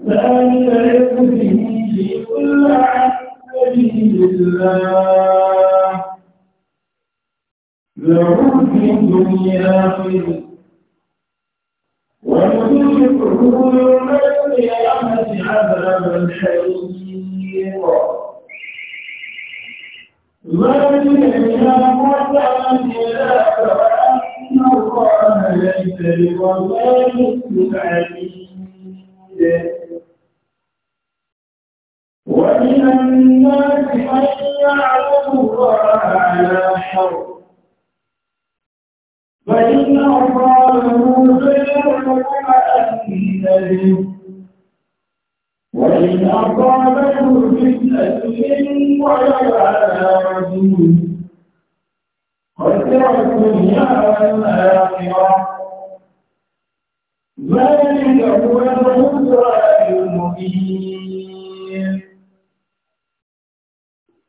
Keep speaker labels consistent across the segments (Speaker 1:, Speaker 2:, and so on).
Speaker 1: ذلك
Speaker 2: يجزيه كل عن سبيل الله له في الدنيا خزي ونذيقه يوم القيامة عذاب الحريق ذلك الإمام والثمن ذاك وأن الله ليس بظلام للعبيد ومن الناس من يعبد الله على حرف فإن أصابه خير اطمأن به وإن أصابته فتنة انقلب على وجهه
Speaker 1: خسر الدنيا
Speaker 2: والآخرة
Speaker 1: ذلك هو الخسران
Speaker 2: المبين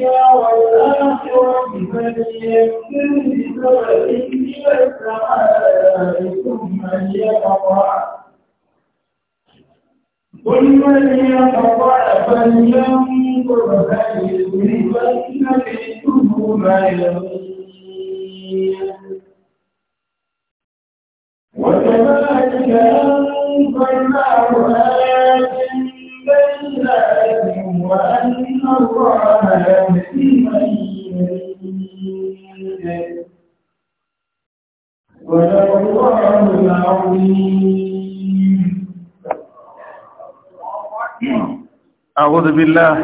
Speaker 2: الدنيا والآخرة من يكفر بذلك والسعادة ثم يقطع قل من يقطع فلينظر هل يذهبن كيده ما يغيب وكذلك أنزلناه آيات بينات وأن أعوذ
Speaker 1: بالله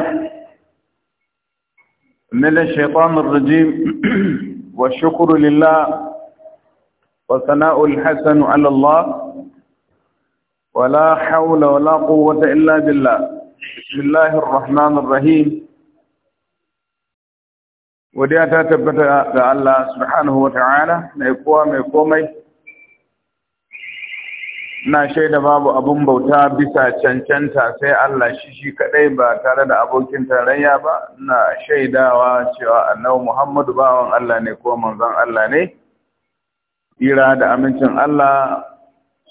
Speaker 1: من الشيطان الرجيم والشكر لله وثناء الحسن على الله ولا حول ولا قوة إلا بالله بسم الله الرحمن الرحيم wadiya ta tabbata ga Allah subhanahu wa ta'ala mai kowa mai komai na shaida babu abun bauta bisa cancanta sai Allah shi shi kadai ba tare da abokin tarayya ba na shaidawa cewa annabi Muhammadu bawan Allah ne ko manzon Allah ne Hira da amincin Allah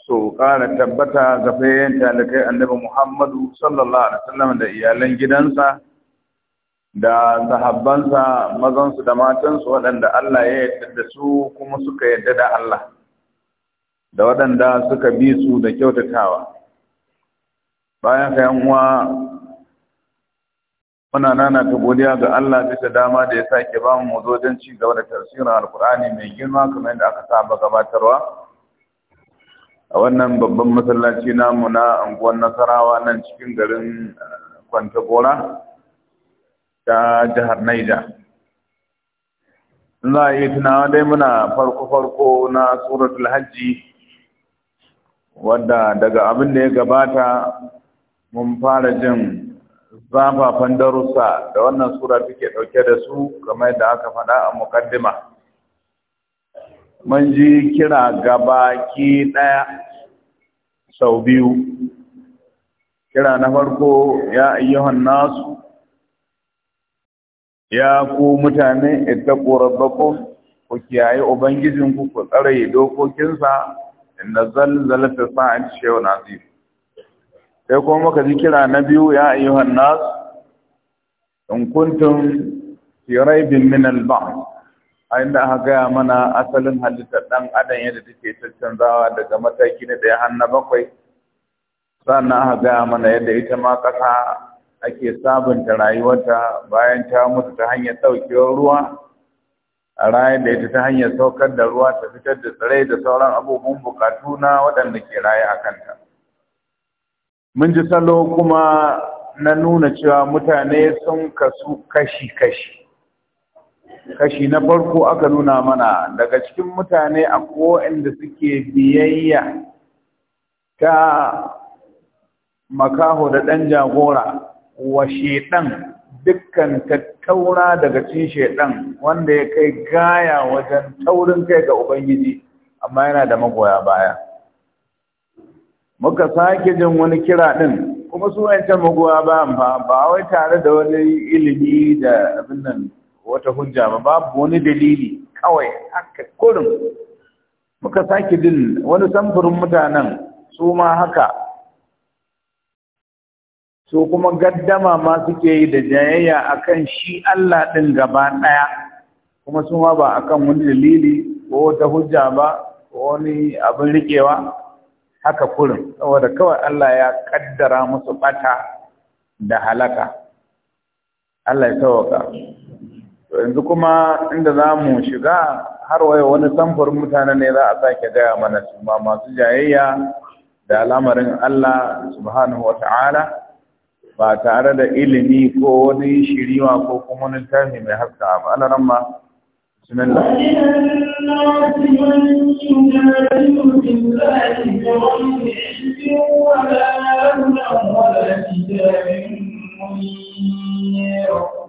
Speaker 1: so ƙara tabbata ga fayyan talakai annabi Muhammadu sallallahu alaihi wasallam da iyalan gidansa da sahabbansa mazansu da matansu waɗanda Allah ya yarda da su kuma suka yarda da Allah da waɗanda suka bi su da kyautatawa bayan kayan uwa muna nana ta godiya ga Allah bisa dama da ya sake ba mu wajen ci gaba da tafsirin alkur'ani mai girma kamar yadda aka saba gabatarwa a wannan babban masallaci namu na unguwar nasarawa nan cikin garin eh, kwantagora ta jihar naija za a yi tunawa dai muna farko-farko na suratul hajji wadda daga abin da ya gabata mun fara jin zafafan darussa da wannan tsoratu ke dauke da su kamar da aka faɗa a mukaddima. man ji kira gabaki ɗaya sau biyu kira na farko ya ayyuhan nasu ya ku mutane ita rabbakum ku kiyaye ubangijinku ku tsare dokokinsa inna zalzalata sa'ati na azim sai kuma muka ji kira na biyu ya ayyuhan nasu in kuntum fi raibin min al a inda aka gaya mana asalin halittar ɗan adam yadda take canzawa daga mataki na ɗaya har na bakwai sannan aka gaya mana yadda ita ma ƙasa ake sabunta rayuwarta bayan ta mutu ta hanyar ɗaukewar ruwa a rayar da ita ta hanyar saukar da ruwa ta fitar da tsirai da sauran abubuwan bukatu na waɗanda ke raye a kanta. Mun ji salo kuma na nuna cewa mutane sun kasu kashi-kashi. kashi na farko aka nuna mana daga cikin mutane a inda suke biyayya ta makaho da ɗan jagora wa shedan dukkan tattaura daga cin shedan wanda ya kai gaya wajen taurin kai ga ubangiji amma yana da magoya baya muka sake jin wani kira ɗin kuma su magoya bayan ba ba wai tare da wani ilimi da abin nan wata hujja ba babu wani dalili kawai haka kurin muka sake din wani samfurin mutanen su ma haka su kuma gaddama ma suke yi da jayayya akan shi Allah ɗin gaba ɗaya kuma su ma ba akan wani dalili ko wata hujja ba ko wani abin riƙewa haka kurin saboda kawai Allah ya kaddara musu ɓata da halaka Allah ya sauka. yanzu kuma inda za mu shiga har waya wani samfurin mutane ne za a sake gaya mana su ma masu jayayya da lamarin Allah subhanahu wata'ala ba tare da ilimi ko wani shiriwa ko kuma wani tarihi mai haska ba ana nan ma sunan da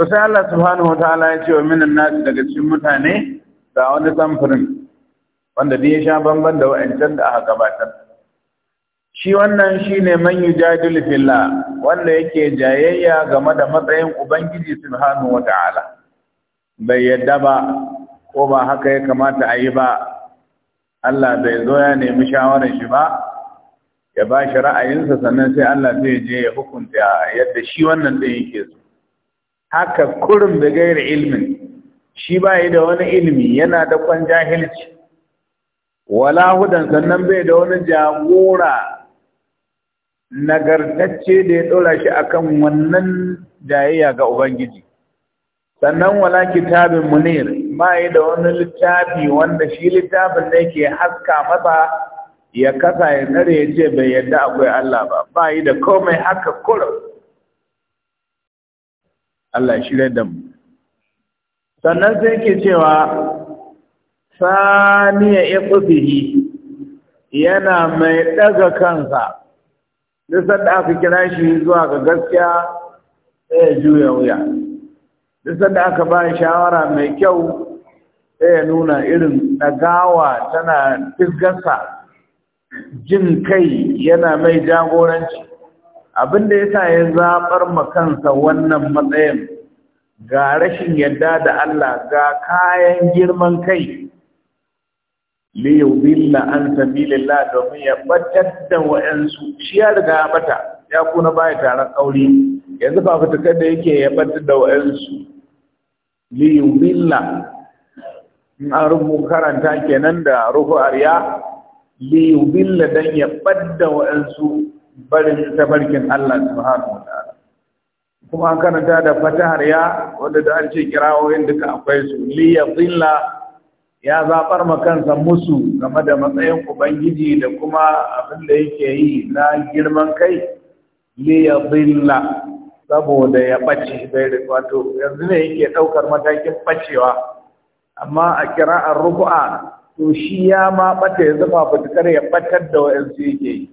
Speaker 1: to sai Allah subhanahu wataala ya ce wa minan nasi daga cikin mutane ga wani samfurin wanda da ya sha bamban da wa'ancan da aka gabatar shi wannan shine man yujadil fillah wanda yake jayayya game da matsayin ubangiji subhanahu wataala bai yadda ba ko ba haka ya kamata a yi ba Allah bai zo ya nemi shawarar shi ba ya ba shi ra'ayinsa sannan sai Allah zai je ya hukunta yadda shi wannan ɗin yake so haka kurin da ilmin shi bai da wani ilimi yana da kwan jahilci wala hudan sannan bai da wani jagora nagartacce da ya ɗora shi a kan wannan jayayya ga ubangiji sannan wala kitabin munir bai da wani littafi wanda shi littafin da yake haska masa ya kasa ya tsare ya ce bai yadda akwai Allah ba bai da komai haka kurin Allah ya da mu sannan sai ke cewa saniya iqbihi yana mai daga kansa duk sanda aka kira shi zuwa ga gaskiya sai ya juya wuya duk sanda aka ba shawara mai kyau sai ya nuna irin ɗagawa tana fisgarsa jin kai yana mai jagoranci abin da sa ya zabar kansa wannan matsayin ga rashin yadda da Allah ga kayan girman kai li yudilla an sabilillah domin ya batar da wa'ansu. shi ya riga ya bata ya kuna baya taron kauri yanzu ba fitakar da yake ya da wa'ansu. li yudilla in an rubu karanta kenan da ruhu arya li yudilla dan ya da wa'ansu. barin tabarkin Allah subhanahu wataala kuma an karanta da fatahar ya wanda da an ce kirawoyin duka akwai su liya zilla ya zabar kansa musu game da matsayin ubangiji da kuma abin da yake yi na girman kai liya zilla saboda ya bace bai da wato yanzu ne yake daukar matakin bacewa amma a kira'ar ruku'a to shi ya ma bata ya zama fitakar ya batar da wayansu yake yi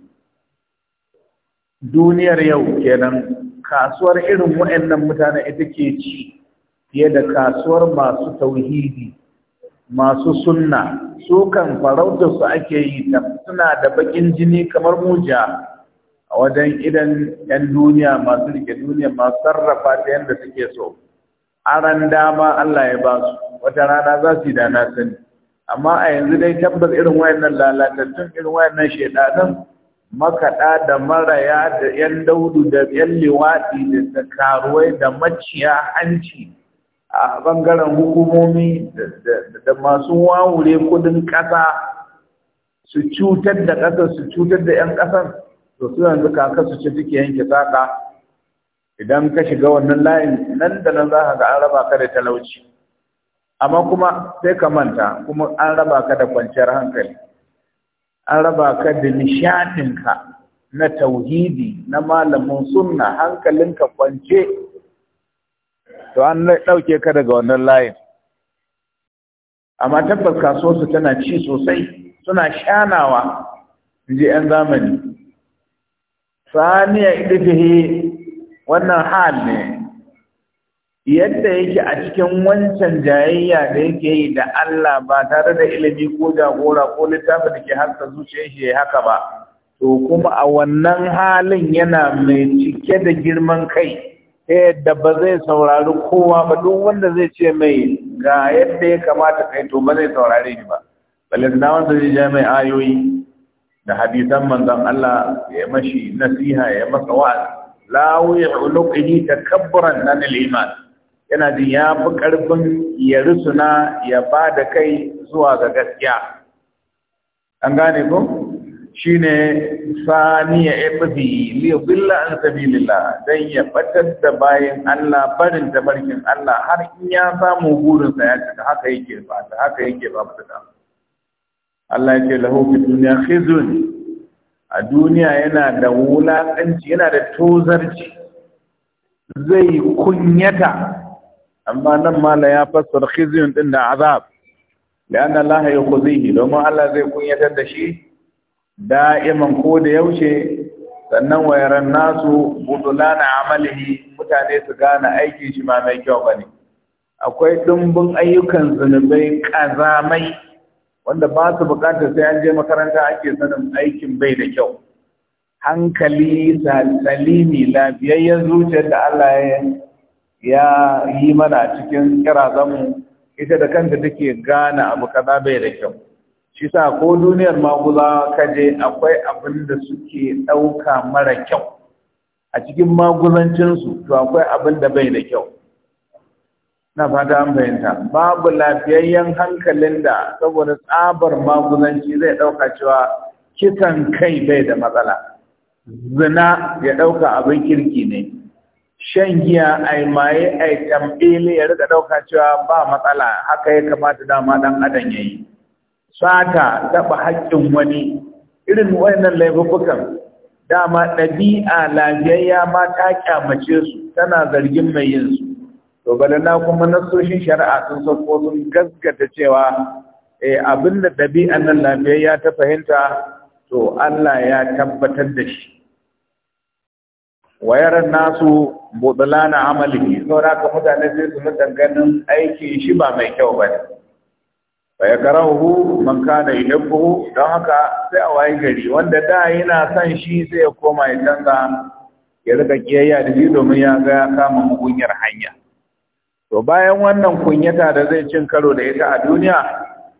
Speaker 1: duniyar yau kenan kasuwar irin waɗannan mutane ita ke ci fiye da kasuwar masu tauhidi masu sunna su kan farautar su ake yi ta suna da bakin jini kamar muja a wajen idan yan duniya masu rike duniya masu sarrafa ta yadda suke so aran dama Allah ya ba su wata rana za su yi da na sani amma a yanzu dai tabbas irin wayannan lalatattun irin wayannan shedanan makaɗa da maraya da ‘yan daudu da ‘yan liwaɗi da karuwai da maciya hanci a ɓangaren hukumomi da masu wawure kudin ƙasa su cutar da ƙasar su cutar da ‘yan ƙasar to su yanzu kaka su ce suke yanke saƙa idan ka shiga wannan layin nan da nan za ka ga an raba ka da talauci amma kuma sai ka manta kuma an raba ka da kwanciyar hankali an raba ka da nishaɗinka na tauhidi na malamin sunna hankalinka kwance to an ɗauke ka daga wannan layin amma tabbas kasuwarsu tana ci sosai suna shanawa in ji 'yan zamani saniya ita wannan hal ne yadda yake a cikin wancan jayayya da yake yi da Allah ba tare da ilimi ko jagora ko littafin da ke harka zuciyar shi haka ba to kuma a wannan halin yana mai cike da girman kai ta yadda ba zai saurari kowa ba duk wanda zai ce mai ga yadda ya kamata kai to ba zai saurare shi ba balle da wanda zai mai ayoyi da hadisan manzon Allah ya mashi nasiha ya masa wa'azi la yu'luqihi takabburan nan al-iman yana jin ya fi ƙarfin ya rusuna ya ba da kai zuwa ga gaskiya an gane ku? shi ne saniya ibi liyubilla an lilla. don ya batar da bayan Allah barin barkin Allah har in ya samu burinsa ya cika haka yake ta haka yake ba ta Allah ya ce lahu duniya khizun a duniya yana da wulaƙanci yana da tozarci zai kunyata amma nan mala ya fassara khizyun din da azab لأن domin Allah zai kunyatar da shi. da'iman ko da yaushe. sannan wayaran nasu budulana amalihi mutane su gane aikin shi ma mai kyau bane akwai dumbun ayyukan zunubai kazamai wanda ba su bukatar sai an je makaranta ake sanin aikin bai da kyau hankali salimi lafiyayyen zuciyar da Allah ya ya yi mana cikin zamu ita da kanta take gane abu kaza bai da kyau shi sa ko duniyar maguza kaje akwai abin da suke ɗauka mara kyau a cikin maguzancinsu to akwai abin da bai da kyau na fata an bayanta babu lafiyayyen hankalin da saboda tsabar maguzanci zai ɗauka cewa kisan kai bai da matsala zina ya ɗauka abin kirki ne shan giya ai maye ai tambele ya rika dauka cewa ba matsala haka ya kamata dama ɗan adam ya yi. sata taɓa haƙƙin wani irin wayannan laifukan dama ɗabi'a lafiyayya ma ta kyamace su tana zargin mai yin su to na kuma nasoshin shari'a sun sauko sun gaskata cewa eh abinda ɗabi'an nan lafiyayya ta fahimta to Allah ya tabbatar da shi wayaran nasu butulana amalihi saboda haka mutane sai su mutan ganin aikin shi ba mai kyau ba ne fa yakrahu man kana yuhibbu don haka sai a wayi gari wanda da yana son shi sai ya koma ya canza ya rika kiyayya da shi domin ya ga ya kama mugunyar hanya to bayan wannan kunyata da zai cin karo da ita a duniya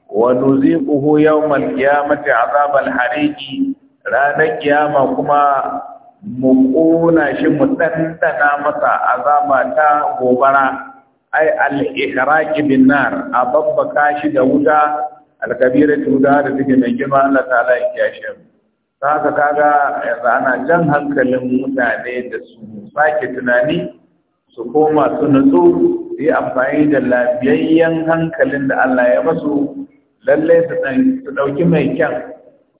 Speaker 1: wa nuziquhu yawmal qiyamati azabal hariqi ranar kiyama kuma mu ƙona shi mu ɗanɗana masa azaba ta gobara ai al-ihraqi bin nar a babbaka shi da wuta al-kabira tuda da take mai girma Allah ta'ala ya kiyashe mu saka kaga yanzu ana jan hankalin mutane da su sake tunani su koma su nutsu su yi amfani da lafiyayyen hankalin da Allah ya basu lallai su ɗauki mai kyan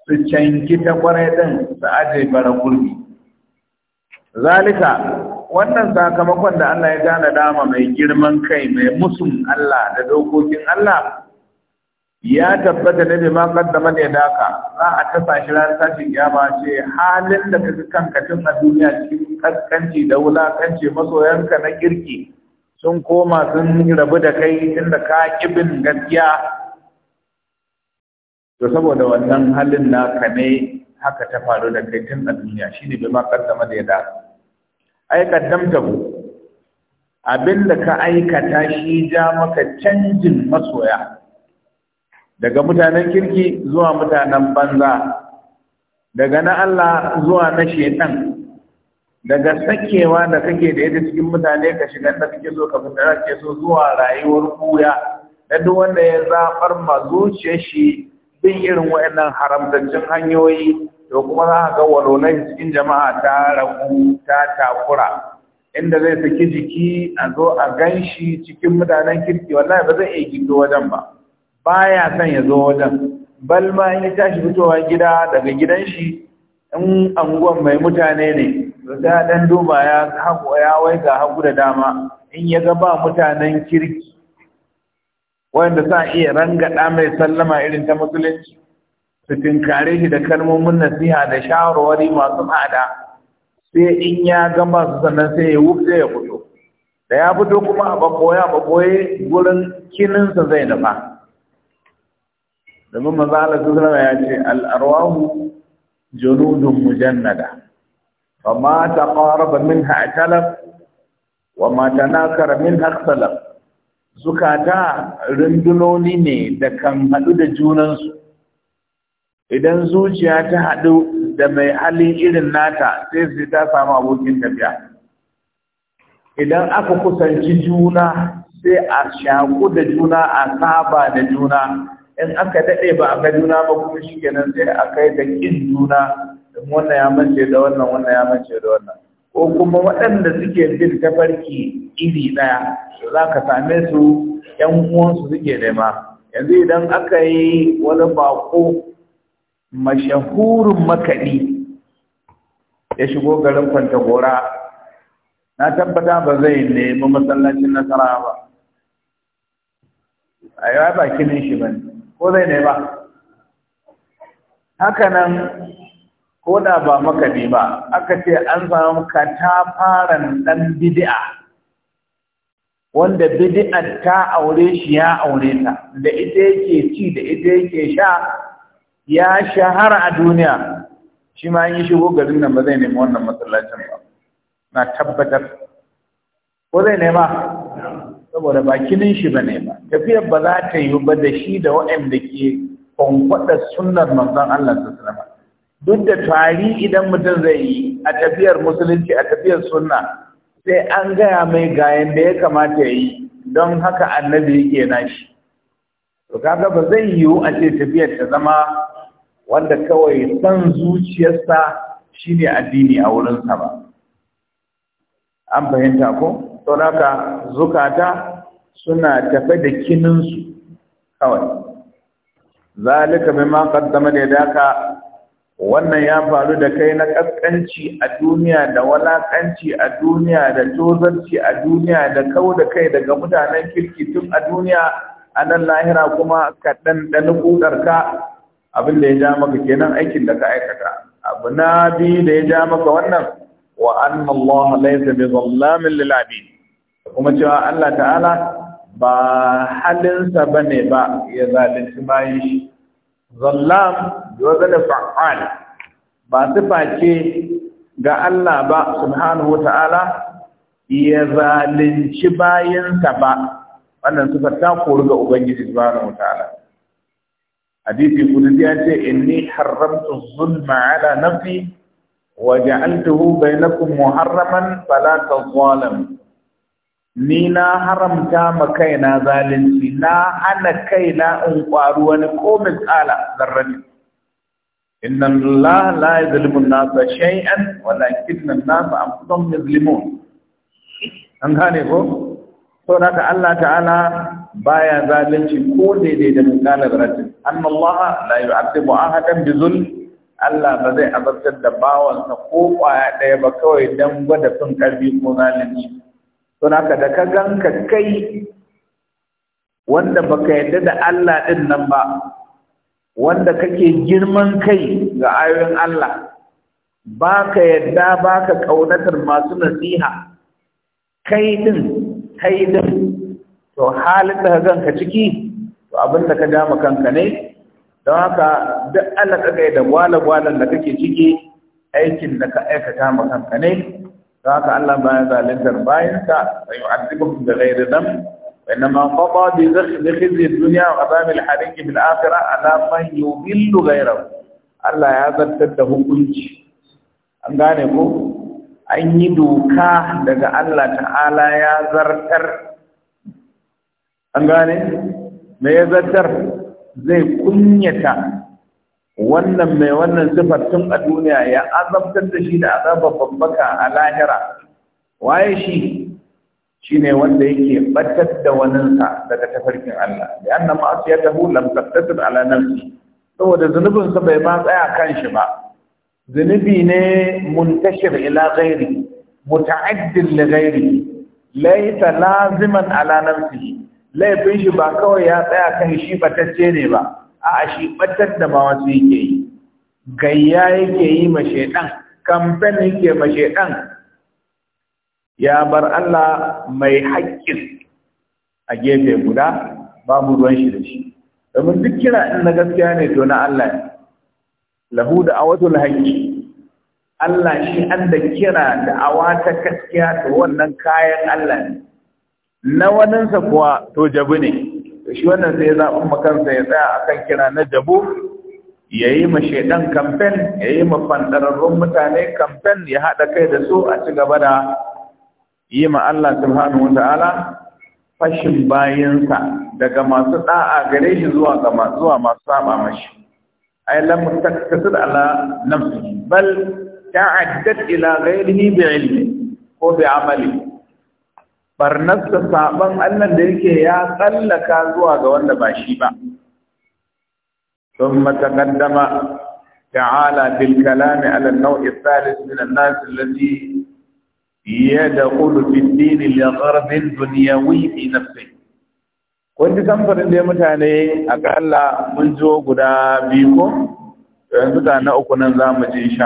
Speaker 1: su canki ta kwarai ɗin su ajiye bara gurbi zalika wannan sakamakon da Allah ya gane dama mai girman kai mai musun Allah da dokokin Allah ya tabbata ne da ma kaddama ne daka za a tasa shi ran ya ba ce halin da kake kanka tun a duniya cikin kaskanci da wulakanci masoyanka na kirki sun koma sun rabu da kai tunda ka kibin gaskiya to saboda wannan halin naka ne haka ta faru da kai tun a duniya shine bai ma kaddama ne daka ai abin abinda ka aikata shi ja maka canjin masoya daga mutanen kirki zuwa mutanen banza daga na Allah zuwa na shetan daga sakewa da kake da yadda cikin mutane ka shiga da kake so ka fitara ke so zuwa rayuwar kuya da duk wanda ya zafar ma zuciyar shi bin irin waɗannan haramtaccen hanyoyi to kuma za ka ga walolai cikin jama'a ta ragu ta takura inda zai saki jiki a zo a gan shi cikin mutanen kirki wallahi ba zai iya gido wajen ba baya son ya zo wajen bal in ya tashi fitowa gida daga gidan shi in anguwan mai mutane ne da dan duba ya haƙo ya wai ga hagu da dama in ya ga ba mutanen kirki wanda sa iya rangada mai sallama irin ta musulunci su tinkare shi da kalmomin nasiha da shawarwari masu tsada sai in ya gama su sannan sai ya wuce ya fito da ya fito kuma a bakoya bakoye gurin kininsa zai nufa domin manzo su sallallahu ya ce al junudun mujannada fama taqaraba min ha'atalar, wa ma na karamin haksalar. zukata rundunoni ne da kan haɗu da junansu idan zuciya ta haɗu da mai halin irin nata sai su ta samu abokin tafiya idan aka kusanci juna sai a shaku da juna a saba da juna in aka daɗe ba a ga juna ba kuma shi kenan sai a kai da ƙin juna wannan ya mace da wannan wannan ya mace da wannan ko kuma waɗanda suke bin tafarki iri ɗaya za ka same su ‘yan uwansu suke nema yanzu idan aka yi wani bako Mashahurun makaɗi ya shigo garin kwantagora na tabbata ba zai nemi masallacin nasara ba a yi ba kinin shi ba ko zai ne ba nan, ko da ba makaɗi ba aka ce an samu katafaren ɗan bidi'a wanda bidi'a ta aure shi ya aure ta da ita yake ci da ita yake sha ya shahara a duniya shi ma yi shigo garin nan ba zai nemi wannan matsalacin ba na tabbatar ko zai nema saboda ba kinin shi ba nema tafiyar ba za ta yi ba da shi da waɗanda ke kwankwada sunnar manzon Allah sallallahu alaihi duk da tari idan mutum zai yi a tafiyar musulunci a tafiyar sunna sai an gaya mai gayan da ya kamata ya yi don haka annabi yake nashi to kaga ba zai yiwu a ce tafiyar ta zama wanda kawai san zuciyarsa shine addini a wurinsa ba an fahimta ko saboda zukata suna tafe da kininsu kawai zalika mimma qaddama daka. wannan ya faru da kai na kaskanci a duniya da walakanci a duniya da tozarci a duniya da kau da kai daga mutanen kirki tun a duniya a nan lahira kuma ka ɗanɗani kudarka abin da ya ja maka kenan aikin da ka aikata abu na biyu da ya ja maka wannan wa anna Allah laysa bi zallamin lil abid
Speaker 2: kuma cewa Allah ta'ala
Speaker 1: ba halinsa bane ba ya zalunci bayan shi zallam wazan fa'al ba sifa ce ga Allah ba subhanahu ta'ala ya zalunci bayansa ba wannan sifar ta koru ga ubangiji subhanahu ta'ala hadisi kudusi ya ce inni haramtu zulma ala nafsi wa ja'altuhu bainakum muharraman fala tazalam ni na haramta ma kaina zalunci na hana kaina in kwaru wani ko misala zarrani inna allaha la yuzlimu an-nasa shay'an walakinna an-nasa anfusahum yuzlimun an gane ko to haka Allah ta'ala baya zalunci ko daidai da misalar ratin Allah la yu'adibu ahadan bi zulm Allah ba zai azabtar da bawansa ko kwaya ɗaya ba kawai dan gwada fin karbi ko zalunci don haka da ka ganka kai wanda baka yadda da Allah din nan ba wanda kake girman kai ga ayoyin Allah baka yarda baka kaunatar masu nasiha kai din kai din to halin da ka ganka ciki to abin da ka ja kanka ne don haka duk ka kai da gwala-gwalan da kake ciki aikin da ka aikata ma kanka ne don haka Allah baya zalintar bayansa sai yu'adzibuhum bi ghairi dam wa inma qada bi khizyi dunya wa azab al hariq bil akhirah ala man yudillu ghayrahu Allah ya zartar da hukunci an gane ko an yi doka daga Allah ta'ala ya zartar an gane me ya zartar zai kunyata wannan mai wannan sifartun a duniya ya azabtar da shi da azabar babbaka a lahira waye shi shine wanda yake batar da waninsa daga tafarkin Allah da anna ma'asiyatahu lam tattasil ala nafsi saboda zunubinsa bai ma tsaya kan shi ba zunubi ne muntashir ila ghairi muta'addil li ghairi laysa laziman ala nafsihi laifin shi ba kawai ya tsaya kan shi batacce ne ba a shi batar da ma wasu yake yi gayya yake yi ma shaidan kamfen yake ma shaidan ya bar Allah mai haƙƙin a gefe guda babu ruwan shi da shi domin duk kira in na gaskiya ne to na Allah ne lahu da awatul haƙƙi Allah shi an da kira da awa ta gaskiya to wannan kayan Allah ne na waninsa kuwa to jabu ne shi wannan sai ya zaɓi makansa ya tsaya a kan kira na jabu ya yi ma shaidan kamfen ya yi ma fandararrun mutane kamfen ya haɗa kai da su a ci gaba da yi ma Allah subhanahu wa ta'ala fashin bayansa daga masu ɗa'a gare shi zuwa ga zuwa masu saba mashi ay lam taktasir ala nafsi bal ta'addat ila ghayrihi bi ilmi ko bi amali barnas da saban Allah da yake ya tsallaka zuwa ga wanda ba shi ba thumma taqaddama ta'ala bil kalam ala an naw'i thalith min an-nas allati yadkhulu fi ddin li gharb dunyawi fi nafsi kun ji san farin da mutane a ga Allah mun zo guda biyu ko yanzu da na uku nan zamu je insha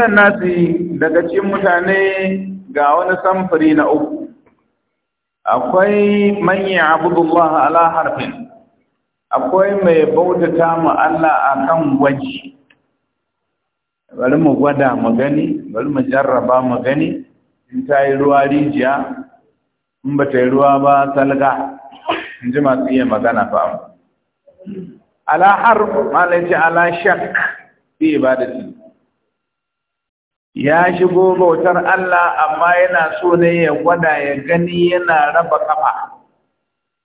Speaker 1: minan nasi daga cikin mutane ga wani samfuri na uku akwai manyan abudullah ala harfin akwai mai bautata mu Allah akan gwaji bari mu gwada mu gani bari mu jarraba mu gani in ta yi ruwa rijiya in ba ta yi ruwa ba salga in ji masu iya magana fa ala harf malai ala shak fi ibadati ya shigo bautar Allah amma yana so ne ya gwada ya gani yana raba kafa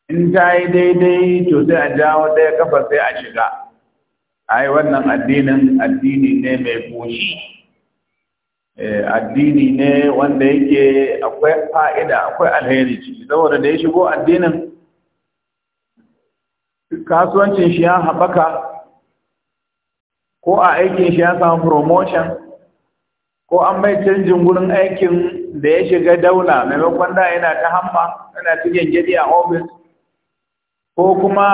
Speaker 1: in ta yi daidai to sai a jawo ɗaya kafa sai a shiga ai wannan addinin addini ne mai goshi eh, addini ne wanda yake akwai fa'ida akwai alheri ciki saboda da ya shigo addinin kasuwancin shi ya haɓaka ko a aikin shi ya samu promotion ko an mai canjin wurin aikin da ya shiga daula maimakon da yana ta hamma yana ta gyangyaɗi a ofis ko kuma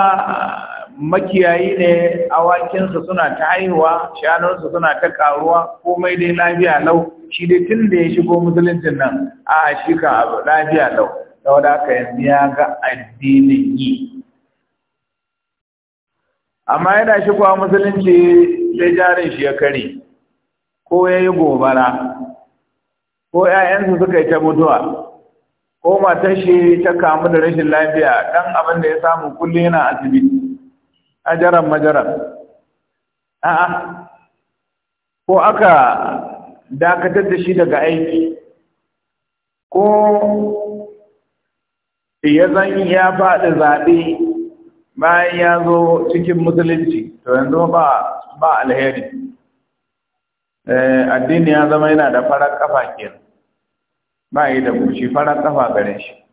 Speaker 1: makiyayi ne awakinsa suna ta haihuwa shanunsa suna ta karuwa komai dai lafiya lau shi dai tun da ya shigo musuluncin nan a shi ka lafiya lau saboda aka yanzu ya ga addinin yi amma yana shigowa musulunci sai jarin shi ya kare ko ya yi gobara ko ‘ya'yansu suka yi ta mutuwa ko matar shi ta kamu da rashin lafiya ɗan abin da ya samu kulle yana asibiti ajaran majaran a'a ko aka dakatar da shi daga aiki ko ya zan ya faɗi zaɓe bayan ya zo cikin musulunci to yanzu ba alheri Eh, addini ya zama yana da farar kafa kenan ba yi da bushi farar kafa gare shi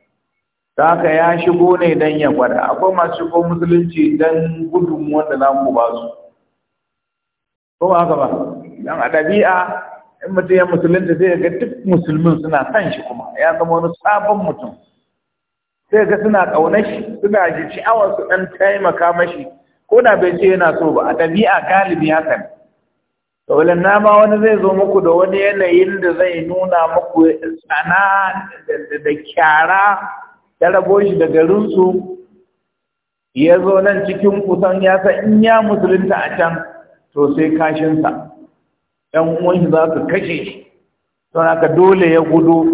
Speaker 1: ta haka ya shigo ne don ya gwada akwai masu shigo musulunci don gudun wanda za mu ba su ko ba haka ba don a ɗabi'a in mutum ya musulunta zai ga duk musulmin suna son shi kuma ya zama wani sabon mutum sai ga suna ƙaunar shi suna ji sha'awar su ɗan taimaka mashi ko da bai ce yana so ba a ɗabi'a galibi haka ne kawalin nama wani zai zo muku da wani yanayin da zai nuna muku tsana da kyara ya rabo shi da garinsu ya zo nan cikin kusan ya san in ya musulunta a can to sai kashinsa ‘yan uwanshi za su
Speaker 2: kashe shi
Speaker 1: don haka dole ya gudu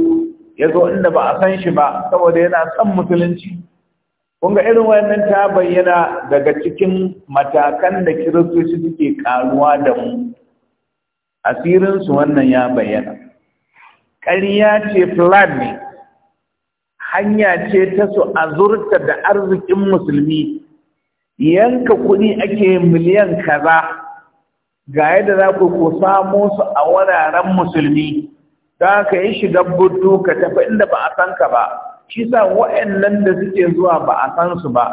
Speaker 1: ya zo inda ba a san shi ba saboda yana son musulunci kunga irin wannan ta bayyana daga cikin matakan da kiristoci suke karuwa da mu asirinsu wannan ya bayyana ƙarya ce flat ne hanya ce ta su azurta da arzikin musulmi yanka kuɗi ake miliyan kaza ga yadda za ku ku samo su a wuraren musulmi da ka yi shiga buddu ka tafi inda ba a san ka ba shi sa wa'annan da suke zuwa ba a san su ba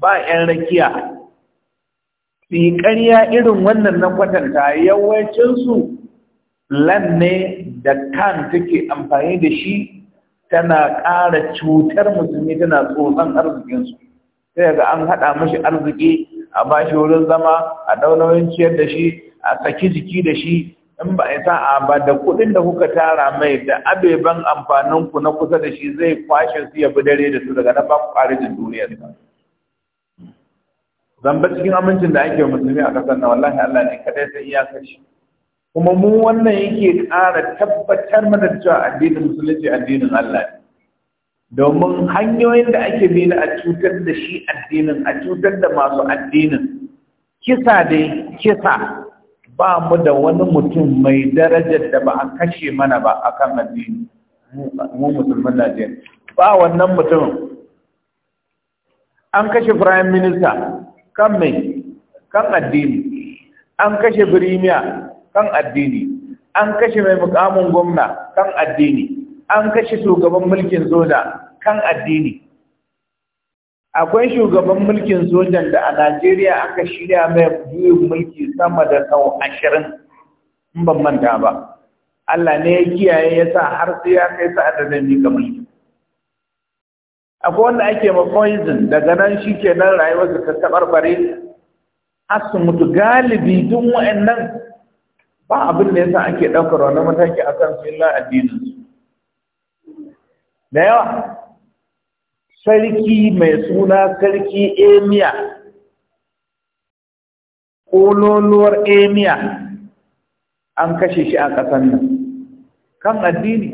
Speaker 1: ba 'yan rakiya fi ƙarya irin wannan na kwatanta yawancinsu lan ne da kan take amfani da shi tana ƙara cutar musulmi tana tsotson arzikinsu sai ga an haɗa mashi arziki a ba shi wurin zama a daunawin ciyar da shi a saki jiki da shi in ba a a ba da kuɗin da kuka tara mai da abeban amfaninku na kusa da shi zai kwashe su ya bi dare da su daga na ba ku da duniyarsa zamba cikin amincin da ake musulmi a ƙasar na wallahi Allah ne kadai sai ya kashi
Speaker 2: kuma mu wannan yake
Speaker 1: ƙara tabbatar mana da cewa addinin musulunci addinin Allah ne domin hanyoyin da ake bi na a cutar da shi addinin a cutar da masu addinin kisa dai kisa ba mu da wani mutum mai darajar da ba a kashe mana ba a kan addini mu musulman Najeriya ba wannan mutum an kashe firayim minista kan mai kan addini an kashe birimiya kan addini an kashe mai mukamin gwamna kan addini an kashe shugaban mulkin soja kan addini akwai shugaban mulkin sojan da a Najeriya aka shirya mai juyin mulki sama da sau ashirin in ban manta ba Allah ne ya kiyaye ya sa har sai ya kai sa'adar da zai mika mulki akwai wanda ake ma poison daga nan shi ke nan da ta tabarbare har mutu galibi tun wa'annan ba abin da yasa ake ɗaukar wani mataki a kan filla addinin da yawa sarki mai suna sarki emiya ƙololuwar emiya an kashe shi a ƙasar nan kan addini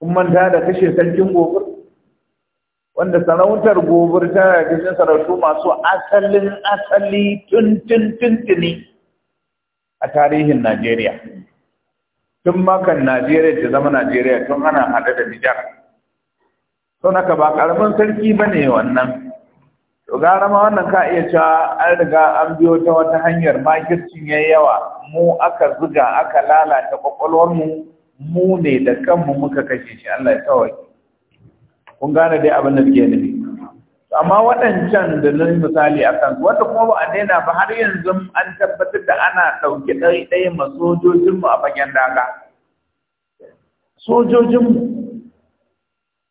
Speaker 1: kun manta da kashe sarkin gobe wanda sarautar gobir tana da sarautu masu asalin asali
Speaker 2: tun tun tuntuni
Speaker 1: a tarihin Najeriya. Tun makan Najeriya ta zama Najeriya tun ana hada da Nijar. Sau naka ba ƙaramin sarki ba ne wannan. To gara wannan ka iya cewa an riga an biyo ta wata hanyar makircin ya yawa mu aka zuga aka lalata mu mu ne da kanmu muka kashe shi Allah ya kawai. kun gane dai abin da suke nufi amma waɗancan da na misali a kan wata kuma ba a daina ba har yanzu an tabbatar da ana ɗauke ɗari ɗaya ma sojojinmu a fagen daga sojojinmu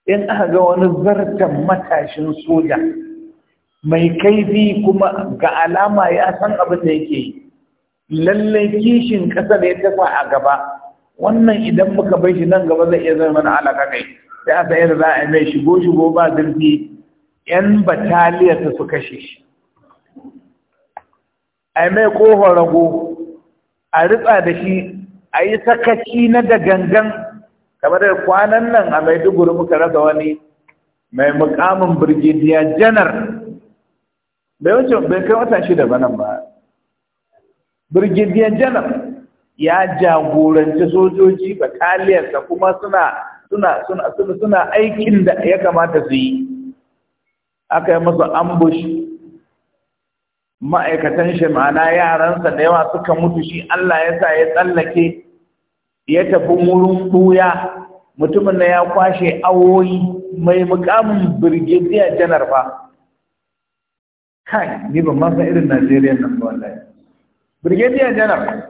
Speaker 1: in aka ga wani zartan matashin soja mai kaifi kuma ga alama ya san abin da yake yi lallai kishin ƙasa da ya tafa a gaba wannan idan muka bai shi nan gaba zai iya zama mana alaka kai sai aka yi za a mai shigo shigo ba zurfi yan bataliya ta su kashe shi a mai kohon rago a ritsa da shi a yi sakaci na da gangan kamar da kwanan nan a maiduguri muka rasa wani mai mukamin birgidiya janar bai wuce bai kai wata shida ba nan ba birgidiya janar ya jagoranci sojoji bataliyarsa kuma suna suna suna suna aikin da ya kamata su yi aka yi masa ambush ma'aikatan shi ma'ana yaransa da yawa suka mutu shi Allah ya sa ya tsallake ya tafi wurin buya mutumin da ya kwashe awoyi mai mukamin birgidiya janar fa kai ni ban masa irin najeriya nan ba wallahi birgidiya janar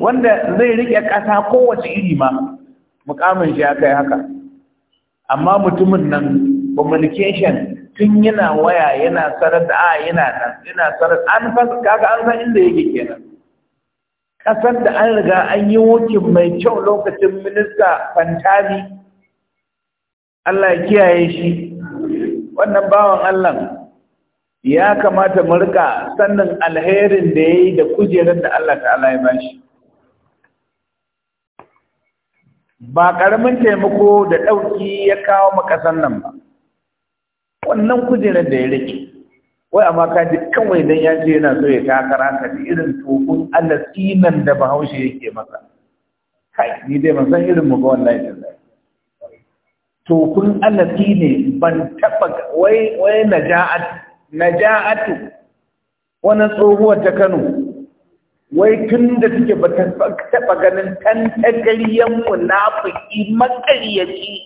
Speaker 1: wanda zai rike ƙasa kowace iri ma mukamin shi aka yi haka amma mutumin nan communication tun yana waya yana sanar da a yana nan yana sanar an san kaga an san inda yake kenan kasar da an riga an yi wukin mai kyau lokacin minista fantani Allah ya kiyaye shi wannan bawan Allah ya kamata mu rika sannin alherin da yayi da kujerar da Allah ta'ala ya bashi ba ƙaramin taimako da ɗauki ya kawo makasan nan ba wannan kujerar da ya rike wai amma ka ji kawai dan ya ce yana so ya takara ka ji irin tofin alasinan da bahaushe yake masa kai ni dai ban san irin mu ga wallahi da zai tofin alasi ne ban taba wai wai naja'at naja'atu wannan tsohuwar ta Kano wai tun da suke ba ta taɓa ganin kan tagaryen munafiki
Speaker 2: makaryaci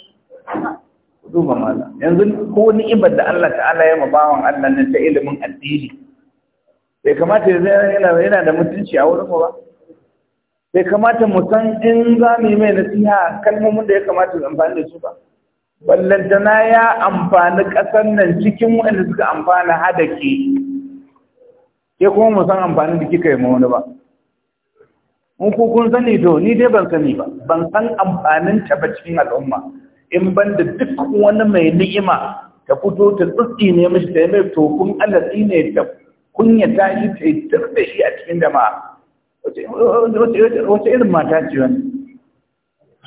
Speaker 1: ba mala yanzu ko wani ni'imar da Allah ta'ala ya ma bawan Allah nan ta ilimin addini bai kamata ya zai yana yana da mutunci a wurin ba bai kamata mu san in za mu yi mai nasiha kalmomin da ya kamata mu amfani da su ba ballantana ya amfani ƙasar nan cikin wanda suka amfana hada ke ke kuma mu san amfanin da kika yi ma wani ba in ku kun sani to ni dai ban sani ba ban san amfanin ta ba cikin al'umma in ban da duk wani mai ni'ima ta fito ta tsitsi ne mashi da ya mai tofin alatsi ne ta kunya ta yi ta yi da shi a cikin ma wace irin mata ce wani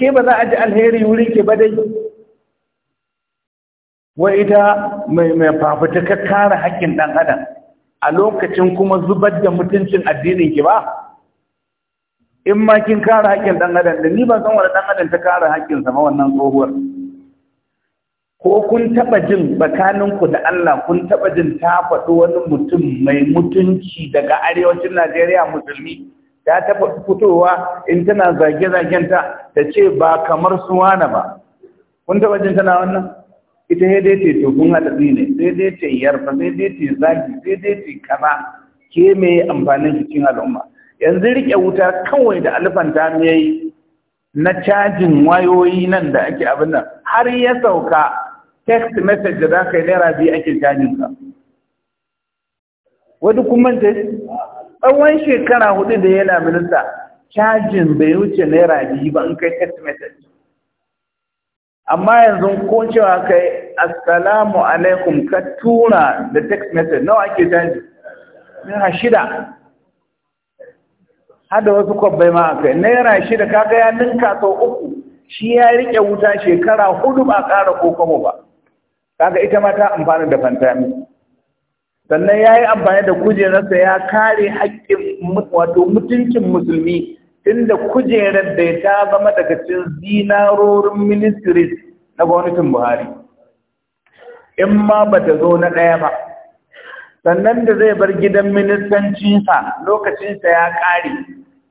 Speaker 1: ke ba za a ji alheri wurin ke ba dai wa ita mai ka kare haƙƙin ɗan adam
Speaker 2: a lokacin
Speaker 1: kuma zubar da mutuncin addinin ki ba in ma kin kare haƙƙin ɗan adam da ni ba san wani ɗan adam ta kare haƙƙinsa sa wannan tsohuwar ko kun taɓa jin tsakaninku da Allah kun taɓa jin ta faɗi wani mutum mai mutunci daga arewacin Najeriya musulmi ta taɓa fitowa in tana zage-zagenta ta ce ba kamar suwana ba kun taɓa jin tana wannan ita ya dai ce tokun ne sai dai ce yarfa sai dai ce zagi sai dai ce kaza ke me amfanin cikin al'umma yanzu rike wuta kawai da alfanta ne yayi na cajin wayoyi nan da ake abin nan har ya sauka text message da za naira biyu ake cajin ka wani kuma ta tsawon shekara hudu da yana minista cajin bai wuce naira biyu ba in kai text message amma yanzu ko cewa kai assalamu alaikum ka tura da text message nawa ake canji naira shida hada wasu kwabbai ma kai, naira shida kaga ya ninka sau uku shi ya rike wuta shekara hudu ba ƙara ko ba kaga ita ma ta amfana da fantami sannan ya yi amfani da kujerarsa ya kare haƙƙin wato mutuncin musulmi tunda kujerar da ta zama daga cikin zinarorin ministries na gwamnatin Buhari in ma ba ta zo na ɗaya ba sannan da zai bar gidan ministancinsa lokacinsa ya ƙare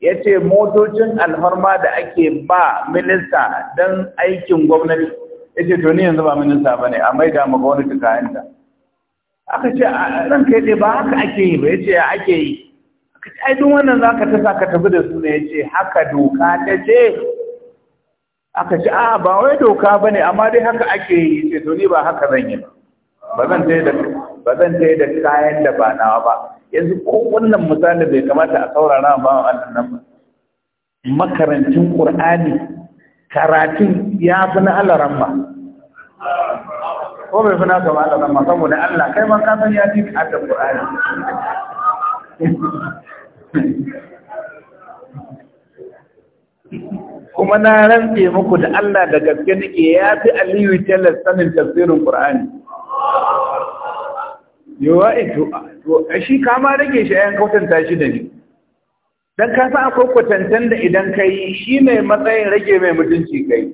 Speaker 1: ya ce motocin alfarma da ake ba minista don aikin gwamnati ya ce to ni yanzu ba minista ba ne a maida ma kayanta aka ce kai ne, ba haka ake yi ba ya ce ake yi ai duk wannan za ka tasa ka tafi da su ne ya ce haka doka ta ce aka ce a ba wai doka ba ne amma dai haka ake yi ce to ni ba haka zan yi ba ba zan taya da da kayan da ba nawa ba yanzu ko wannan misali bai kamata a saurara ba wa Allah nan ba makarantin Qur'ani karatun ya fi na Allah ramma ko bai fi na kama Allah ramma saboda Allah kai man ka san ya fi ka Qur'ani kuma na rantse muku da Allah da gaske nake ya fi Aliyu tallar sanin tafsirin Qur'ani yawa ito to shi kama rage shi ayan kautanta shi da ni dan ka san akwai kwatantan da idan kai shi mai matsayin rage mai mutunci kai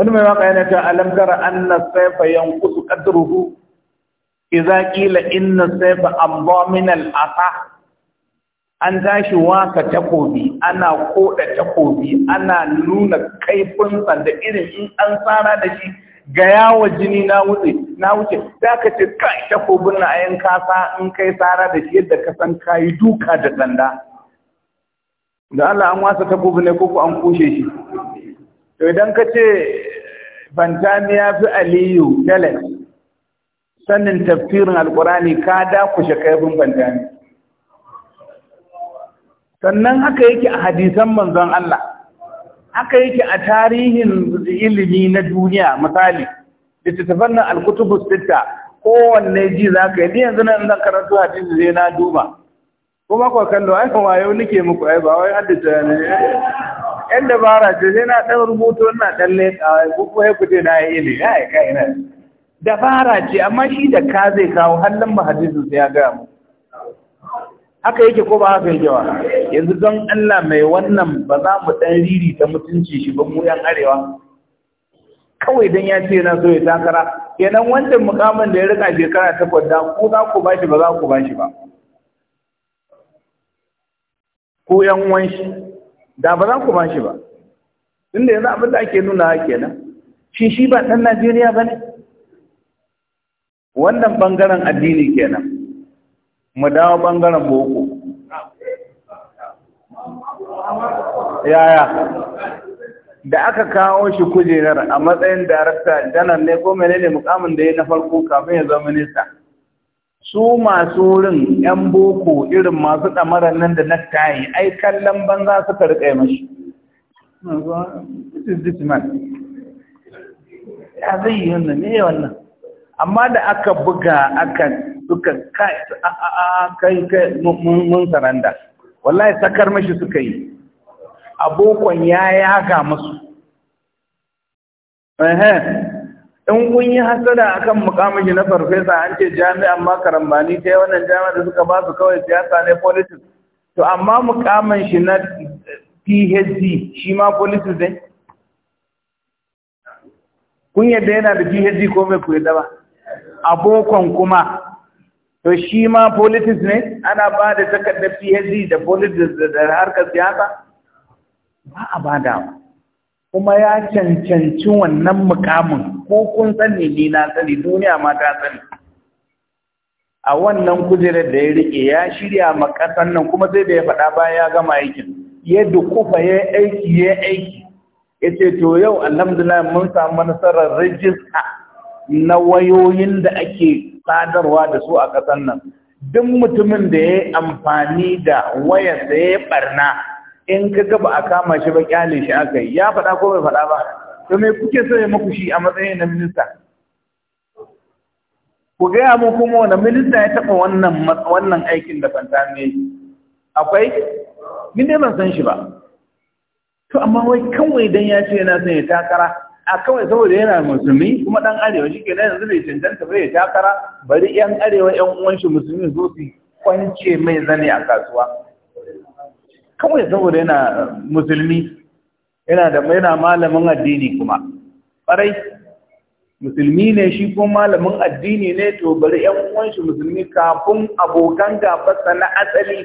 Speaker 1: wani mai waka yana ta alam tara anna sayfa yanqusu qadruhu idza qila inna sayfa amdha min al an tashi waka takobi ana koda takobi ana nuna kaifin sanda irin in an tsara da shi ga yawo jini na wuce na wuce za ka ce kai takobin na ayin kasa in kai tsara da shi yadda ka san kayi duka da danda da Allah an wasa takobi ne ko an kushe shi to idan ka ce bantani ya fi aliyu dalal sannin tafsirin alkurani ka dakushe kaifin bantani sannan haka yake a hadisan manzon Allah haka yake a tarihin ilimi na duniya misali littattafan nan alkutubu sitta kowanne ji za ka yi yanzu nan zan karanto hadisi zai na duba kuma kwa kallo ai kuma yau nake muku ai ba wai hadisi ne yan dabara ce sai na ɗan rubutu na ɗan leƙa ko ko ku ce na yi ne kai na dabara ce amma shi da ka zai kawo hannun mu sai ya gaya mu haka yake ko ba haka yake wa yanzu don Allah mai wannan ba za mu dan riri ta mutunci shi ba mu yan arewa kawai dan ya ce yana so ya takara kenan wancan mukamin da ya rika shekara ta kwadda ko za ku bashi ba za ku bashi ba ko yan wanshi da ba za ku bashi ba tunda yanzu abin da ake nuna kenan shi shi ba dan Najeriya bane wannan bangaren addini kenan mu dawo bangaren boko yaya da aka kawo shi kujerar a matsayin darakta janar ne ko menene mukamin da ya na farko kafin ya zama minista su masu wurin yan boko irin masu ɗamarar nan da na tayi ai kallon banza suka riƙa mashi ya zai yi wannan ne wannan amma da aka buga aka suka kai a kai kai mun saranda wallahi sakar mashi suka yi abokon ya yaga musu in kun yi hasada akan mukamin na farfesa an ce jami'an makaran ba kai wannan jami'an da suka ba su kawai siyasa ne politics to amma mukamin shi na phd shi ma politics ne kun yadda yana da phd ko mai kuyi da ba abokan kuma to shi ma politics ne ana ba da takardar phd da politics da harkar siyasa ba a ba da kuma ya cancanci wannan mukamin ko kun sani ni na sani duniya ma ta sani a wannan kujerar da ya rike ya shirya ma ƙasar nan kuma sai da ya faɗa ba ya gama aikin ya dukufa ya aiki ya aiki ya ce to yau alhamdulillah mun samu nasarar rijista. na wayoyin da ake sadarwa da su a ƙasar nan duk mutumin da ya amfani da wayar da ya barna in ka gaba a kama shi ba kyale shi aka yi ya faɗa ko bai faɗa ba to me kuke so ya muku shi a matsayin na minista ku gaya mu kuma wani minista ya taɓa wannan wannan aikin da fanta ne akwai ni dai ban san shi ba to amma wai wai dan ya ce yana son ya takara a kawai saboda yana musulmi kuma dan arewa shi ke yanzu bai cancanta bai takara bari yan arewa yan uwan shi musulmi zo su kwance mai zane a kasuwa kawai saboda yana musulmi yana da yana malamin addini kuma ƙwarai musulmi ne shi ko malamin addini ne to bari yan uwan shi musulmi kafin abokan gafarsa na asali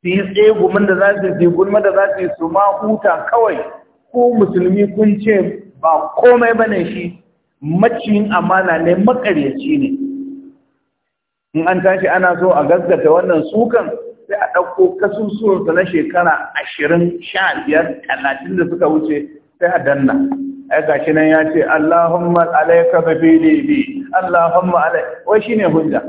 Speaker 1: su yi tsegumin da za su yi gulma da za su yi su ma huta kawai ko musulmi kun ce ba komai ba ne shi maciyin amana ne makaryaci ne in an tashi ana so a gaskata wannan sukan sai a ɗauko kasusuwarsa na shekara ashirin sha biyar talatin da suka wuce sai a danna ai gashi nan ya ce Allahumma alayka bi bi Allahumma alayka wai shine hujja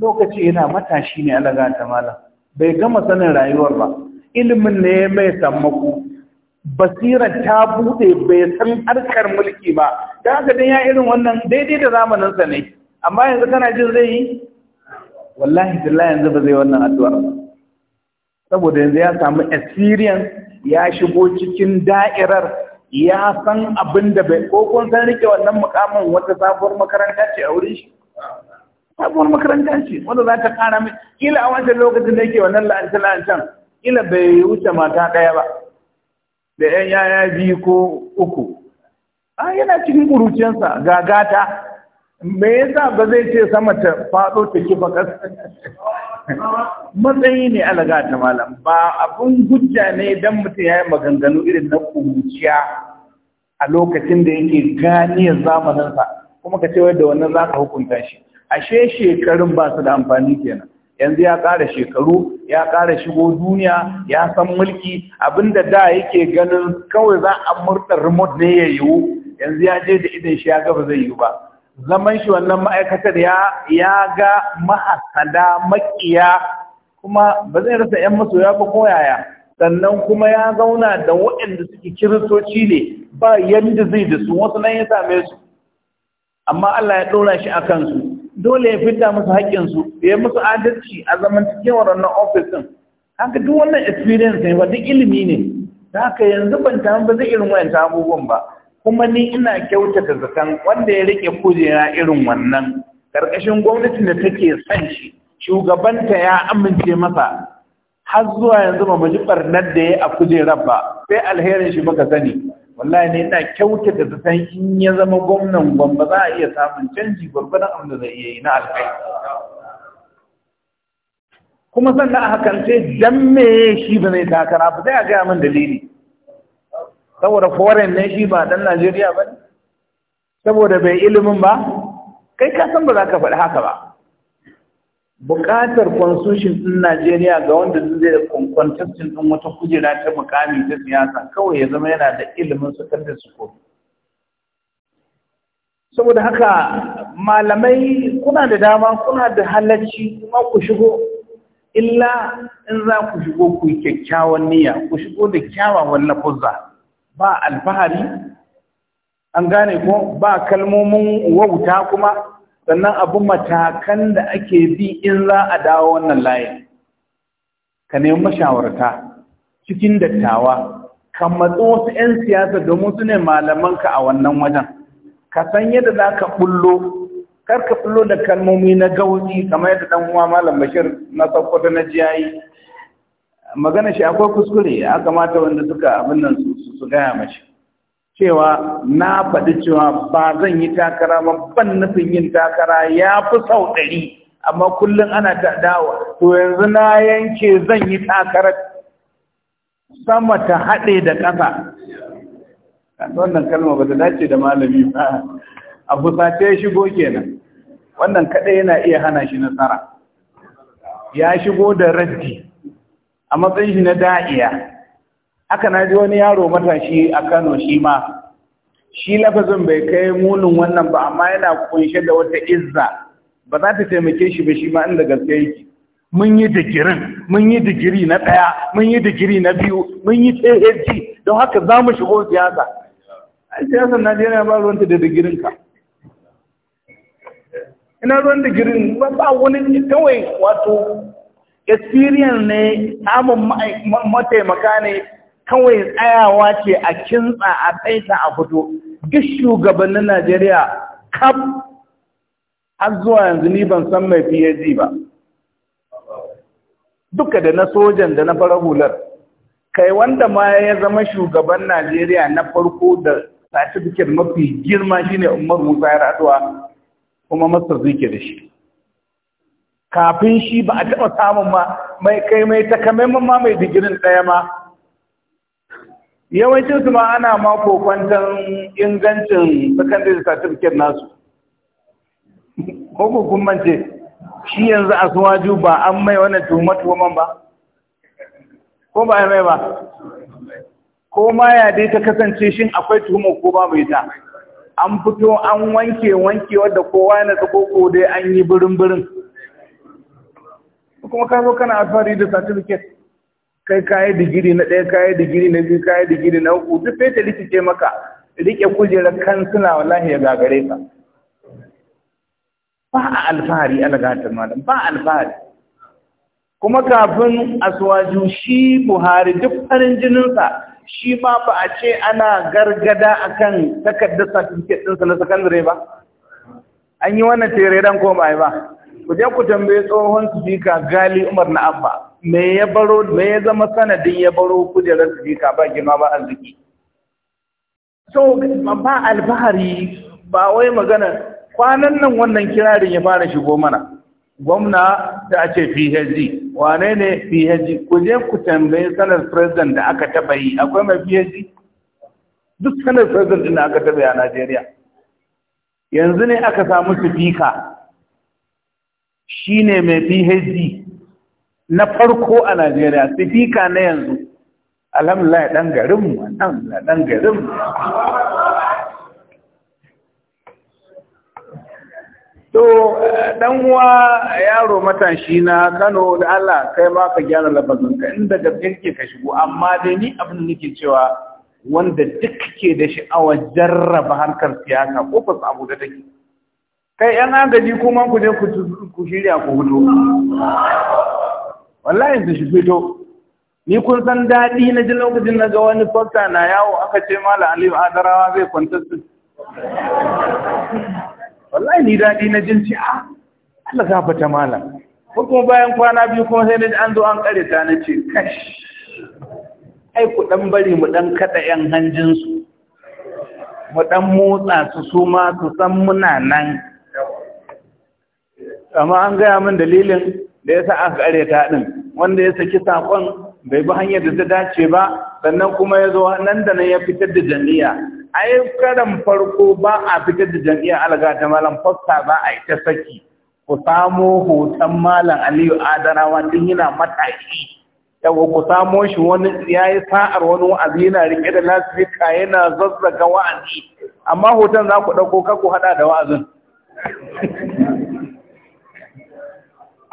Speaker 1: lokaci yana matashi ne Allah ga ta malam bai gama sanin rayuwar ba ilimin ne mai sammako basirar ta bude bai san harkar mulki ba Da haka dan ya irin wannan daidai da zamaninsa ne amma yanzu kana jin zai yi wallahi billahi yanzu ba zai wannan addu'ar saboda yanzu ya samu experience ya shigo cikin da'irar ya san abin da bai ko kun san rike wannan mukamin wata sabuwar makaranta ce a wurin shi sabuwar makaranta ce wanda za ta kara mai kila a wancan lokacin da yake wannan la'ancan la'ancan kila bai wuce mata ɗaya ba da ‘yan yaya biyu ko uku a yana cikin ƙuruciyarsa ga gata me yasa ba zai ce sama ta faɗo ta kifa ƙasa matsayi ne alaga ta malam ba abin hujja ne don mutum ya yi maganganu irin na ƙuruciya a lokacin da yake ganiyar zamaninsa kuma ka ce da wannan za ka hukunta shi ashe shekarun ba su da amfani kenan yanzu ya ƙara shekaru ya ƙara shigo duniya ya san mulki abinda da yake ganin kawai za a murɗa remote ne ya yiwu yanzu ya je da idan shi ya gaba zai yiwu ba zaman shi wannan ma'aikatar ya ga mahasada makiya kuma ba zai rasa 'yan masoya ba koyaya sannan kuma ya zauna da waɗanda suke kiristoci ne ba yadda zai da su wasu nan ya same su amma Allah ya ɗora shi a kansu dole ya fita musu haƙƙinsu ya musu adalci a zaman wannan ofis ɗin haka duk wannan experience ne ba duk ilimi ne da haka yanzu ban tafi ba zai irin wayan abubuwan ba kuma ni ina kyautata zakan wanda ya rike kujera irin wannan karkashin gwamnatin da take son shi shugabanta ya amince masa har zuwa yanzu ba mu ji ɓarnar da ya yi a kujerar ba sai alherin shi muka sani wallahi ne ina kyauta da in ya zama gwamnan gwamba za a iya samun canji gwargwadon abin da zai iya yi na alkai kuma sannan a hakan sai dan meye shi ba zai takara ba zai a gaya min dalili saboda foreign ne shi ba dan Najeriya ba ne saboda bai ilimin ba kai ka san ba za ka faɗi haka ba buƙatar konsushin ɗin Najeriya ga wanda zai contestin ɗin wata kujera ta mukami ta siyasa kawai ya zama yana da ilimin su school saboda haka malamai kuna da dama kuna da halacci kuma ku shigo illa in za ku shigo ku yi kyakkyawan niyya ku shigo da kyawawan lafuzza ba alfahari an gane ko ba kalmomin wauta kuma sannan abu matakan da ake bi in za a dawo wannan layin ka nemi mashawarta cikin dattawa ka matso wasu 'yan siyasa domin su ne malamanka a wannan wajen ka san yadda za ka bullo kar ka bullo da kalmomi na gauzi kamar yadda dan uwa malam bashir na sakkwata na jiyayi magana shi akwai kuskure ya kamata wanda suka abin nan su gaya mashi cewa na faɗi cewa ba zan yi takara ba ban nufin yin takara ya fi sau ɗari amma kullum ana ta dawa to yanzu na yanke zan yi takarar sama ta haɗe da ƙasa wannan kalma ba ta dace da malami ba a fusace shigo kenan wannan kaɗai yana iya hana shi nasara ya shigo da raddi a matsayin shi na da'iya haka na ji wani yaro matashi a Kano shi ma shi lafazin bai kai munin wannan ba amma yana kunshe da wata izza ba za ta taimake shi ba shi ma inda gaske yake mun yi digirin mun yi digiri na ɗaya mun yi digiri na biyu mun yi phd don haka za mu shigo siyasa na siyasar najeriya ba ruwanta da digirin ka ina ruwan digirin ba ba wani kawai wato experience ne samun mataimaka ne kawai tsayawa ce a kintsa a tsaita a fito duk shugabannin Najeriya kaf har zuwa yanzu ni ban san mai PSG ba duka da na sojan da na farar hular kai wanda ma ya zama shugaban Najeriya na farko da certificate mafi girma shine Umar Musa ya raduwa kuma masa zuke da shi kafin shi ba a taɓa samun ma mai kai mai takamaiman ma mai digirin ɗaya ma yawancin su ma ana ma kokwantan ingancin secondary certificate nasu ko ko kun mance shi yanzu a suwaju ba an mai wannan tuhuma-tuhuman ba ko ba mai ba ko ma ya dai ta kasance shin akwai tuhuma ko ba mai ta an fito an wanke wanke wadda kowa na ta koko dai an yi birin birin kuma ka zo kana alfahari da certificate kai kayi digiri na ɗaya kayi digiri na biyu kayi digiri na uku duk fete ta rikice maka rike kujerar kan suna wallahi ya gagare ka ba a alfahari lagatar malam ba alfahari kuma kafin asuwaju shi buhari duk farin jininsa shi ma ba a ce ana gargada akan takardar certificate ɗinsa na sakandare ba an yi wannan tere dan ko ba ba ku je ku tambaye tsohon sifika gali umar na abba me ya baro me ya zama sanadin ya baro kujerar sifika ba gina ba arziki so ba albahari ba wai magana kwanan nan wannan kirarin ya fara shigo mana gwamna da a ce phd wane ne phd ku je ku tambayi sanar president da aka taba yi akwai mai phd duk sanar president da aka taba yi a najeriya yanzu ne aka samu spika shi ne mai phd na farko a Najeriya sifika na yanzu alhamdulillah ɗan garin mu alhamdulillah ɗan garin mu to ɗan uwa yaro matashi na Kano da Allah kai ma ka gyara labarin ka inda da kake ka shigo amma dai ni abin nake cewa wanda duk ke da sha'awar jarraba harkar siyasa ko fa abu da take kai yan agaji kuma ku je ku shirya ku hudu wallahi su shi fito ni kun san daɗi na ji lokacin na ga wani fasta na yawo aka ce mala aliyu adarawa zai kwantar su wallahi ni daɗi na jin ci a ah, Allah fata mala ko kuma bayan kwana biyu kuma sai na ji an zo an kare ta na ce kash ai ku dan bari mu dan kada yan hanjin su mu dan motsa su su ma su san muna nan amma an gaya min dalilin da yasa aka kare ta ɗin wanda ya saki sakon bai bi hanyar da ta dace ba sannan kuma ya zo nan da nan ya fitar da jam'iyya ai karan farko ba a fitar da jami'a alga ta malam fasta ba a yi ta saki ku samo hoton malam aliyu adarawa tun yana mataki yawa ku samo shi wani ya yi sa'ar wani wa'azi yana riƙe da lasifika yana zazzaga wa'azi amma hoton za ku ɗauko ka ku haɗa da wa'azin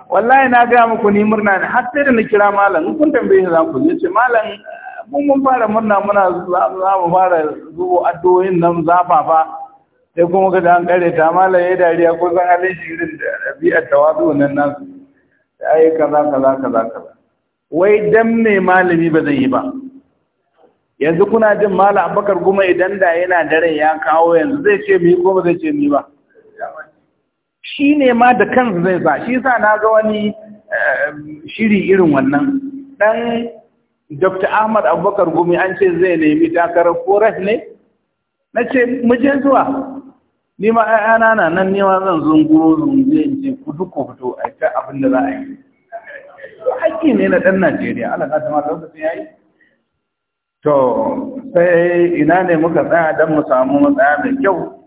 Speaker 1: wallahi na gaya muku ni murna ne har sai da na kira malam In kun tambaye shi za ku ya ce malam mun mun fara murna muna za mu fara zuwa addu'o'in nan zafafa sai kuma ga an kare ta malam ya dariya ko san halin shi irin da bi'ar tawadu nan nasu ayi kaza kaza kaza kaza wai dan me malami ba zai yi ba yanzu kuna jin malam abubakar kuma idan da yana daren ya kawo yanzu zai ce mu yi ko ba zai ce mu ba shi ne ma da kansa zai ba shi sa na ga wani eh, shiri irin wannan dan dr ahmad abubakar gumi an ce zai nemi takarar koras ne na ce muje zuwa ni ma ana na nan ma zan zunguro zungu in ce ku duk ku fito a ta abin da za a yi haƙƙi ne na ɗan najeriya ala ta tama lokacin ya yi to sai ina ne muka tsaya don mu samu matsaya mai kyau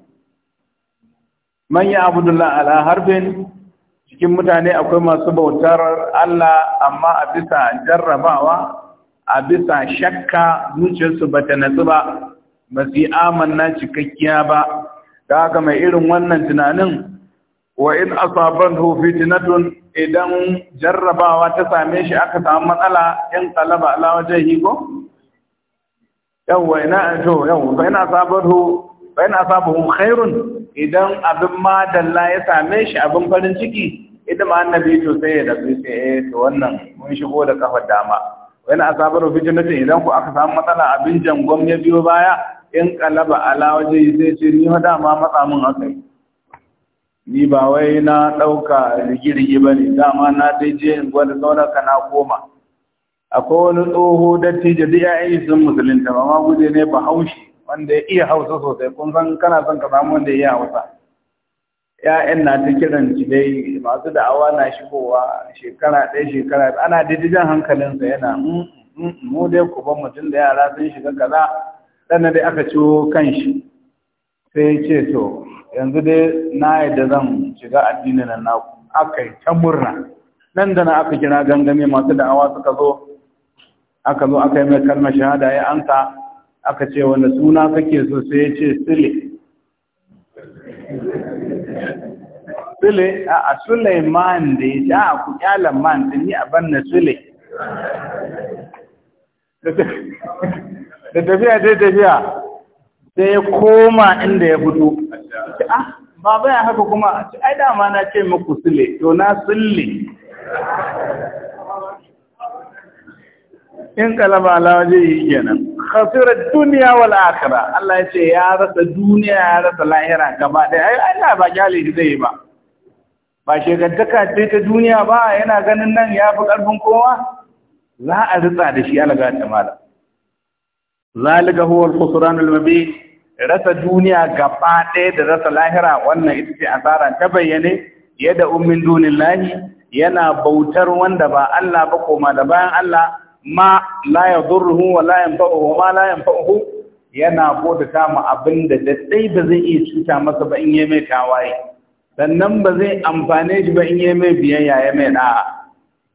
Speaker 1: man ya abudullah ala harbin cikin mutane akwai masu bautar Allah amma a bisa jarrabawa a bisa shakka zuciyarsu ba ta natsu ba ba su yi amanna cikakkiya ba ta haka mai irin wannan tunanin wa in asabanhu fitnatun idan jarrabawa ta same shi aka samu matsala in kalaba ala wajen ko yawwa ina to yawwa ina asabahu fa khairun idan abin madalla ya same shi abin farin ciki ita ma annabi to sai ya dabi sai eh to wannan mun shigo da kafar dama wani asabar fitnatin idan ku aka samu matsala abin jangon ya biyo baya in kalaba ala waje sai ce ni hada ma matsa mun akai ni ba wai na dauka rigirgi bane dama na dai je in gwada sauraka na koma akwai wani tsoho dattijo duk ya'yan sun musulunta ba ma guje ne ba haushi wanda ya iya hausa sosai kun san kana son ka samu wanda ya iya hausa ya'yan na ta kiran shi masu da'awa na shigowa shekara ɗaya shekara ana didijan hankalinsa yana mm, mm, mm, mu dai ku ban mutum da yara sun shiga kaza sannan dai aka ciwo kan shi sai ce to yanzu dai na yadda zan shiga addinin nan ku? aka yi ta murna nan da na aka kira gangami masu da'awa suka zo aka zo aka yi mai kalmar shahada ya ansa aka ce wani suna kake so sai ya ce sile sile a suleiman da ya ja a ku kyalan man ni a banna sile da tafiya dai tafiya sai ya koma inda ya fito ah, ba bayan haka kuma ai dama na ce muku sile to na sile in kalaba alawaje yi kenan khasira duniya wal akhira Allah ya ce ya rasa duniya ya rasa lahira gaba ɗaya ai Allah ba kyale shi zai ba ba shegantaka ce ta duniya ba yana ganin nan ya fi ƙarfin kowa za a ritsa da shi alaga ta mala zalika huwa al-khusran al-mubin rasa duniya gaba ɗaya da rasa lahira wannan ita ce asara ta bayyane yadda ummin dunillahi yana bautar wanda ba Allah ba koma da bayan Allah ma la zurruhu wa la yanfa'uhu ma la yanfa'uhu yana ta ma abin da dai ba zai iya cuta masa ba in yi mai kawaye, sannan ba zai amfane shi ba in yi mai biyayya ya mai da'a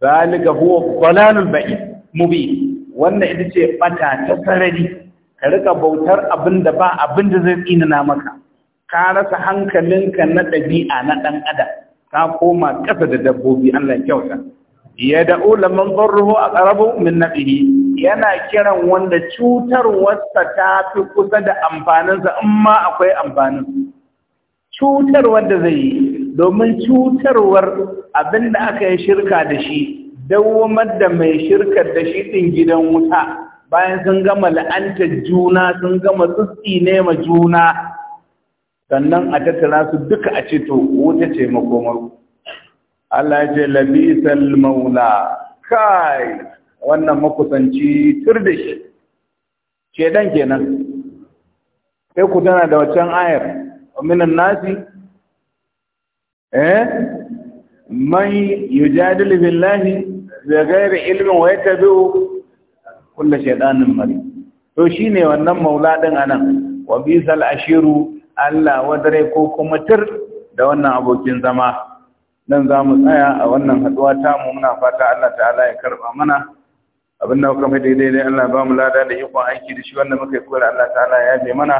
Speaker 1: zalika huwa dalalul ba'id mubi wannan ita ce bata ta sarari ka rika bautar abin da ba abin da zai tsinana maka ka rasa hankalinka na ɗabi'a na ɗan adam ka koma kasa da dabbobi Allah kyauta ya da'u laman zarruhu a ƙarabu min nafihi yana kiran wanda cutarwarsa ta fi kusa da amfaninsa in ma akwai amfanin cutarwar da zai yi domin cutarwar abin da aka yi shirka da shi dawamar da mai shirkar da shi ɗin gidan wuta bayan sun gama la'antar juna sun gama tsitsi ne ma juna sannan a tattara su duka a ce to wuta ce makomarku Allah ya ce labisal maula kai wannan makusanci tur da shi shedan kenan sai ku tana da waccan ayar minan nasi eh man yujadilu billahi da ghairi ilmin wa yatabi'u kullu shaytanin mari to shine wannan maula din anan wa bisal ashiru Allah wadare ko kuma tur da wannan abokin zama nan za mu tsaya a wannan haduwa mu muna fata Allah ta'ala ya karba mana abin da muka faɗi daidai Allah ba mu lada da ikon aiki da shi wanda muka yi kura Allah ta'ala ya yi mana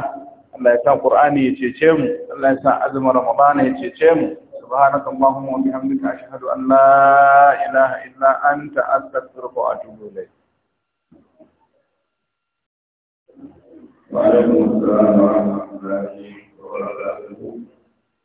Speaker 1: Allah ya sa Qur'ani ya cece mu Allah ya sa azumin Ramadan ya cece mu subhanaka allahumma wa bihamdika ashhadu an la ilaha illa anta astaghfiruka wa atubu ilayk
Speaker 2: وعليكم السلام ورحمة الله وبركاته